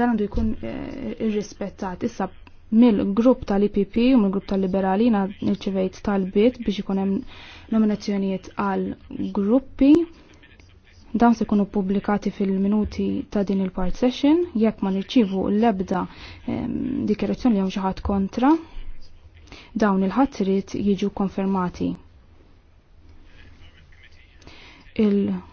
dan għandu jkun eh, irrispettat. Issa mill-grupp tal-IPP u mill-grupp tal-Liberali na nirċivejt tal-bit biex ikun hemm nominazzjonijiet għal gruppi. Dan se jkunu publikati fil-minuti ta' din il-part session jekk ma nirċivu l-ebda dikjerazzjoni li hemm xi ħadd kontra dawn il ħatrit jiġu konfermati. Il